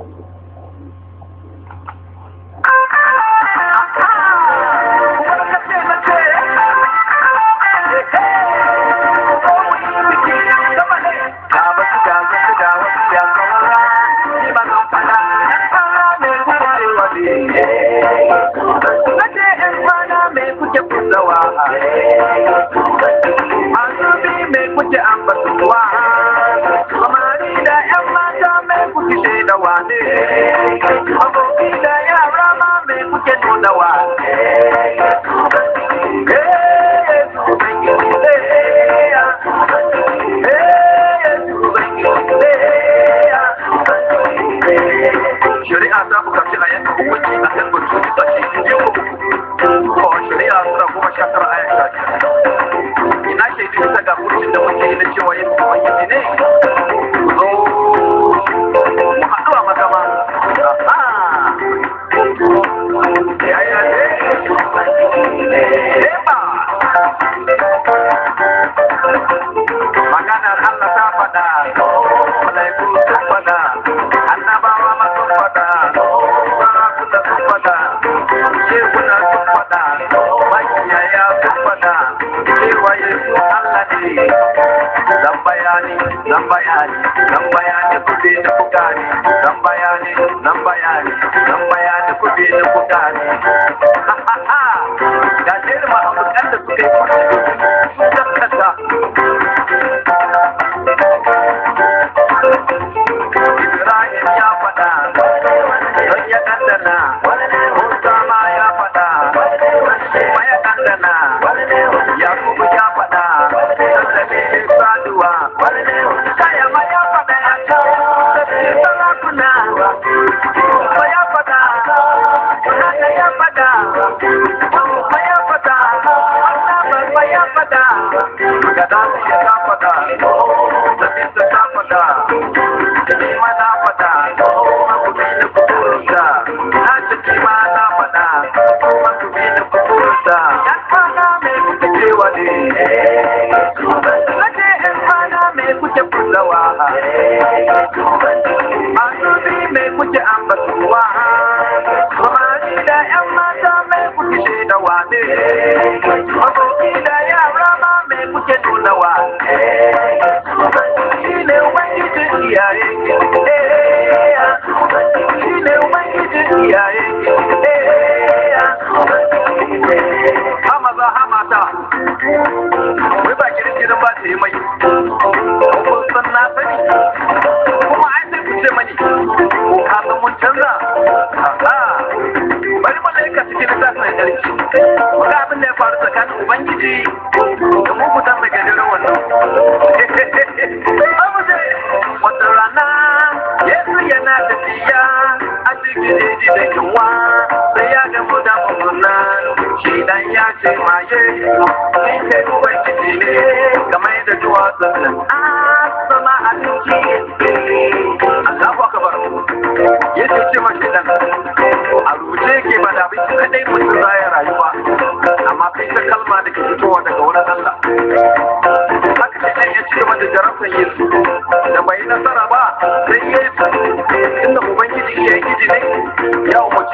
Nace in bana me kuke kudawa, Azabi me kuke ambata. ne abokina yara ma me kuke nunawa ne shari'a ta bukaci a yanka hukunci a kan batu ta ce yau ko shari'a suna goma sha tara a yanka ina shaidu bisa ga hukuncin da muke yi na cewa yin ne faɗa makiya ya sun fada, cewa yesu allah ne zan bayani zan bayani zan bayani ku bi da ku gane zan bayani zan bayani zan bayani ku bi da ku gane Gadati Shatapada, Sati Satapada, Jima Napada, Makubina Pupurusa, Nasa Jima Wa shi ne ubangijin iyaye shi ne ubangijin iyaye hama za hama ta wai ba kirkirin ba ta yi mai kun san na sani kuma ai sai ku ce mani ka mun canza bari malaika cikin lissafin sarki ga abin da ya faru tsakanin ubangiji yana tafiya a cikin jiji da yunwa da ya gamu da mummunan shi dan ya ce maye ni ke ruwan ciki ne kamar yadda zuwa duwatsun nan sama a ciki Allahu akbar yace ce mashi dan a rubuce ke ba da abinci kadai mutum za ya rayu amma kai ta kalma da ke fitowa daga wurin Allah haka ne ya ce da jarabtar yin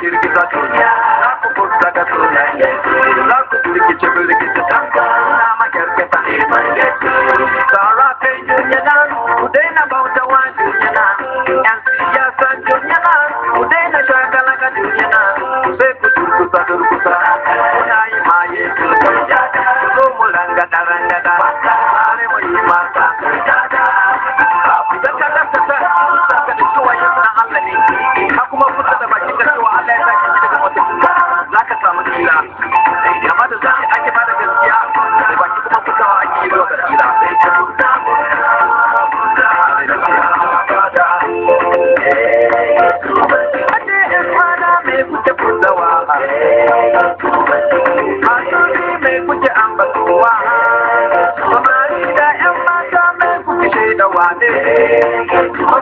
kirkita tuna za ku fusta ga sunan yesu za ku birkice birkice tanka na makyarkata neman yesu tsara kai junyana ku daina bauta wa junyana yan siyasa junyana ku daina shagala ga junyana sai ku durkusa durkusa kuna yi ma da zafi ake bada gaskiya da baki kuma kusawa ake yi wa basira sai ta tuta Ade esmana mai kuke kusawa Masoji mai kuke ambatuwa Samari da 'yan mata mai kuke shaidawa ne